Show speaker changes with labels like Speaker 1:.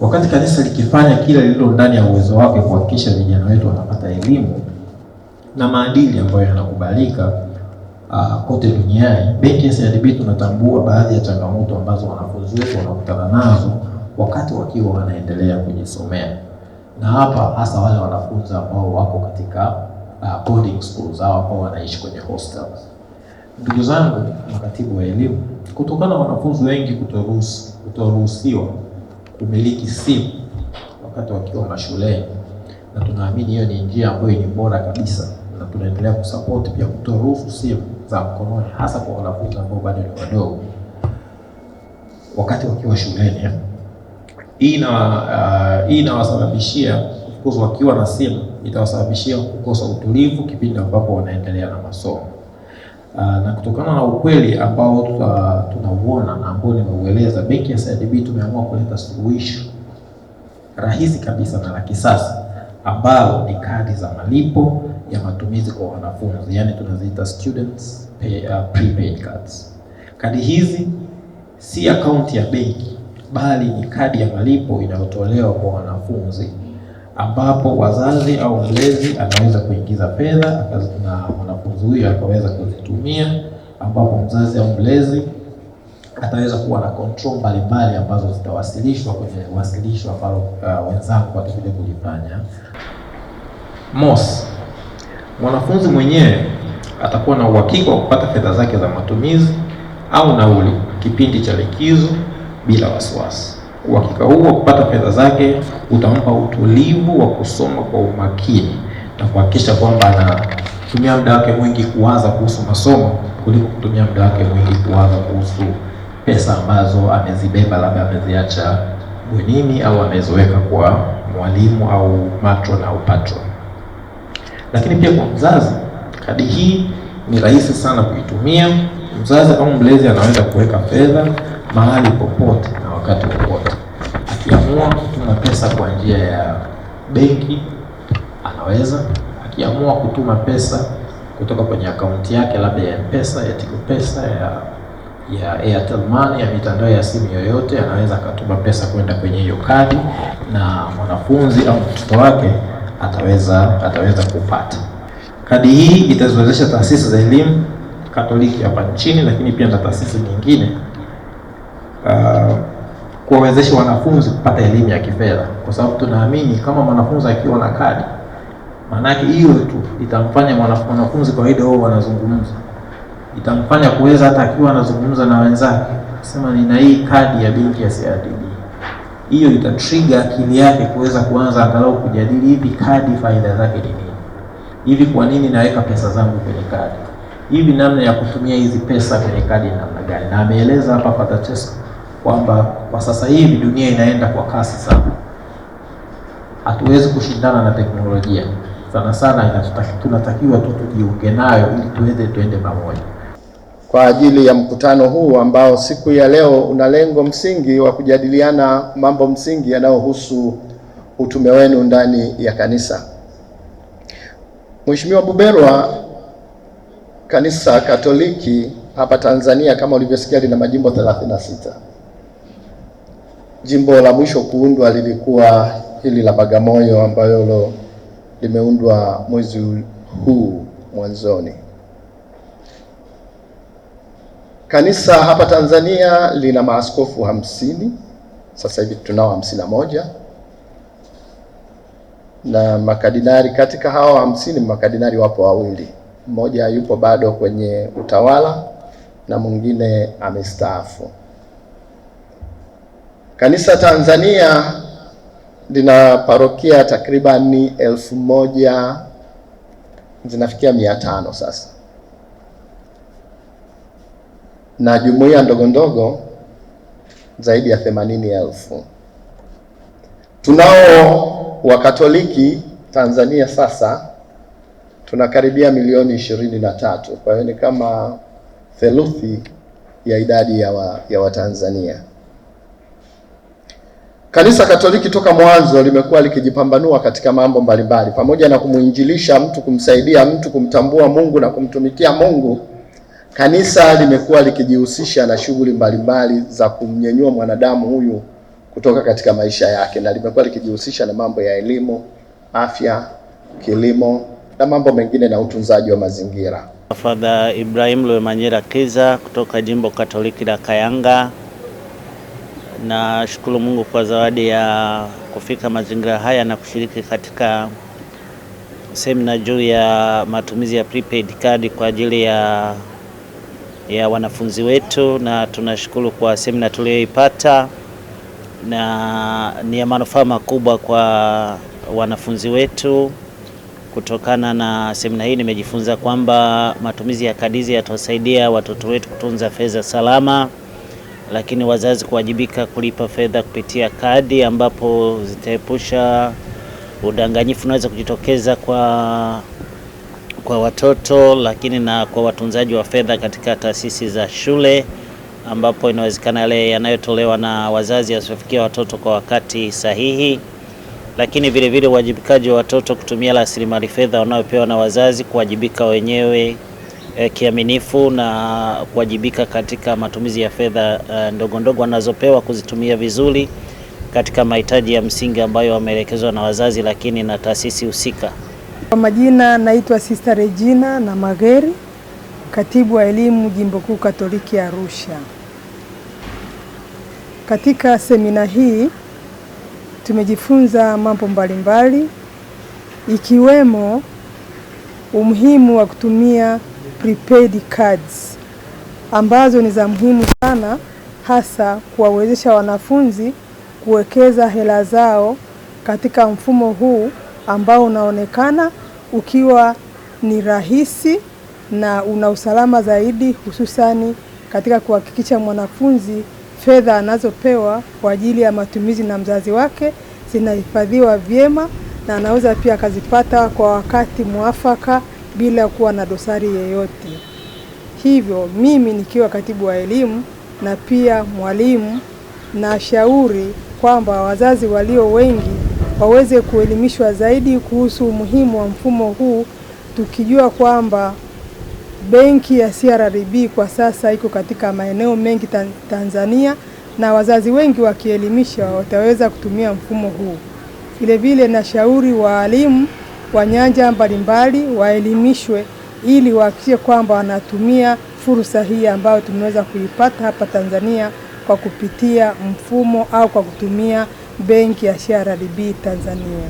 Speaker 1: Wakati kanisa likifanya kila lililo ndani ya uwezo wake kuhakikisha vijana wetu wanapata elimu na maadili ambayo yanakubalika uh, kote duniani. Benki ya CRDB tunatambua baadhi ya changamoto ambazo wanafunzi wetu wanakutana nazo wakati wakiwa wanaendelea kujisomea, na hapa hasa wale wanafunzi ambao wako katika uh, boarding schools au ambao wanaishi kwenye hostels. Ndugu zangu makatibu wa elimu, kutokana na wanafunzi wengi kutoruhusiwa kumiliki simu wakati wakiwa mashuleni, na tunaamini hiyo ni njia ambayo ni bora kabisa, na tunaendelea kusapoti pia kutoruhusu simu za mkononi, hasa kwa wanafunzi ambao bado ni wadogo wakati wakiwa shuleni. Hii uh, inawasababishia uh, wakiwa na simu itawasababishia kukosa utulivu kipindi ambapo wanaendelea na masomo. Ah, na kutokana na ukweli ambao tunauona na ambao nimeueleza, benki ya CRDB tumeamua kuleta suluhisho rahisi kabisa na la kisasa ambalo ni kadi za malipo ya matumizi kwa wanafunzi, yani tunaziita students pay, uh, prepaid cards. Kadi hizi si akaunti ya benki, bali ni kadi ya malipo inayotolewa kwa wanafunzi ambapo wazazi au mlezi anaweza kuingiza fedha na mwanafunzi huyo akaweza kuzitumia, ambapo mzazi au mlezi ataweza kuwa na control mbalimbali ambazo zitawasilishwa kwenye wasilisho ambalo uh, wenzangu watakuja kulifanya. Mosi, mwanafunzi mwenyewe atakuwa na uhakika wa kupata fedha zake za matumizi au nauli kipindi cha likizo bila wasiwasi uhakika huu wa kupata fedha zake utampa utulivu wa kusoma kwa umakini na kuhakikisha kwamba anatumia muda wake mwingi kuwaza kuhusu masomo kuliko kutumia muda wake mwingi kuwaza kuhusu pesa ambazo amezibeba, labda ameziacha bwenini au ameziweka kwa mwalimu au matron au patron. Lakini pia kwa mzazi, kadi hii ni rahisi sana kuitumia. Mzazi au mlezi anaweza kuweka fedha mahali popote wakati wowote. Akiamua kutuma pesa kwa njia ya benki anaweza, akiamua kutuma pesa kutoka kwenye akaunti yake labda ya Mpesa, ya Tigo Pesa, ya ya Airtel Money, ya mitandao ya simu yoyote, anaweza akatuma pesa kwenda kwenye hiyo kadi na mwanafunzi au mtoto wake ataweza ataweza kupata kadi hii. Itaziwezesha taasisi za elimu Katoliki hapa nchini, lakini pia na taasisi nyingine uh, kuwawezesha wanafunzi kupata elimu ya kifedha, kwa sababu tunaamini kama mwanafunzi akiwa na kadi, maanake hiyo tu itamfanya mwanafunzi kawaida wao wanazungumza, itamfanya kuweza hata akiwa anazungumza na wenzake sema nina hii kadi ya benki ya CRDB. Hiyo itatriga akili yake kuweza kuanza angalau kujadili hivi kadi faida zake ni nini, hivi kwa nini naweka pesa zangu kwenye kadi, hivi namna ya kutumia hizi pesa kwenye kadi namna gani, na ameeleza hapa Father Tesco kwamba kwa sasa hivi dunia inaenda kwa kasi sana, hatuwezi kushindana na teknolojia sana sana, tunatakiwa tu tujiunge nayo ili tuweze tuende pamoja. Kwa ajili ya mkutano huu ambao siku ya leo una lengo msingi wa kujadiliana mambo msingi yanayohusu utume wenu ndani ya kanisa. Mheshimiwa Buberwa, kanisa Katoliki hapa Tanzania kama ulivyosikia lina majimbo 36. Jimbo la mwisho kuundwa lilikuwa hili la Bagamoyo ambalo limeundwa mwezi huu mwanzoni. Kanisa hapa Tanzania lina maaskofu hamsini, sasa hivi tunao hamsini na moja na makadinari. Katika hao hamsini makadinari wapo wawili, mmoja yupo bado kwenye utawala na mwingine amestaafu. Kanisa Tanzania lina parokia takribani elfu moja zinafikia mia tano sasa, na jumuiya ndogo ndogo zaidi ya themanini elfu. Tunao Wakatoliki Tanzania sasa tunakaribia milioni ishirini na tatu. Kwa hiyo ni kama theluthi ya idadi ya Watanzania wa Kanisa Katoliki toka mwanzo limekuwa likijipambanua katika mambo mbalimbali, pamoja na kumuinjilisha mtu, kumsaidia mtu kumtambua Mungu na kumtumikia Mungu. Kanisa limekuwa likijihusisha na shughuli mbalimbali za kumnyenyua mwanadamu huyu kutoka katika maisha yake, na limekuwa likijihusisha na mambo ya elimu, afya, kilimo na mambo mengine na utunzaji wa mazingira.
Speaker 2: Father Ibrahim Lwemanyera Kiza kutoka Jimbo Katoliki la Kayanga. Nashukuru Mungu kwa zawadi ya kufika mazingira haya na kushiriki katika semina juu ya matumizi ya prepaid card kwa ajili ya, ya wanafunzi wetu, na tunashukuru kwa semina tuliyoipata, na ni ya manufaa makubwa kwa wanafunzi wetu. Kutokana na semina hii nimejifunza kwamba matumizi ya kadi hizi watoto wetu kutunza fedha salama lakini wazazi kuwajibika kulipa fedha kupitia kadi, ambapo zitaepusha udanganyifu unaweza kujitokeza kwa kwa watoto, lakini na kwa watunzaji wa fedha katika taasisi za shule, ambapo inawezekana yale yanayotolewa na wazazi yasifikia watoto kwa wakati sahihi lakini vilevile uwajibikaji wa watoto kutumia rasilimali fedha wanaopewa na wazazi, kuwajibika wenyewe e, kiaminifu na kuwajibika katika matumizi ya fedha e, ndogo ndogo anazopewa kuzitumia vizuri katika mahitaji ya msingi ambayo wameelekezwa na wazazi, lakini na taasisi husika.
Speaker 3: Kwa majina naitwa Sister Regina na Mageri, katibu wa elimu Jimbo Kuu Katoliki Arusha. Katika semina hii tumejifunza mambo mbalimbali ikiwemo umuhimu wa kutumia prepaid cards ambazo ni za muhimu sana, hasa kuwawezesha wanafunzi kuwekeza hela zao katika mfumo huu ambao unaonekana ukiwa ni rahisi na una usalama zaidi, hususani katika kuhakikisha mwanafunzi fedha anazopewa kwa ajili ya matumizi na mzazi wake zinahifadhiwa vyema na anaweza pia akazipata kwa wakati mwafaka bila kuwa na dosari yeyote. Hivyo mimi nikiwa katibu wa elimu na pia mwalimu, na shauri kwamba wazazi walio wengi waweze kuelimishwa zaidi kuhusu umuhimu wa mfumo huu, tukijua kwamba benki ya CRDB kwa sasa iko katika maeneo mengi Tanzania, na wazazi wengi wakielimisha wataweza kutumia mfumo huu. Vilevile na shauri waalimu wa nyanja mbalimbali waelimishwe ili wahakikishe kwamba wanatumia fursa hii ambayo tumeweza kuipata hapa Tanzania kwa kupitia mfumo au kwa kutumia benki ya CRDB Tanzania.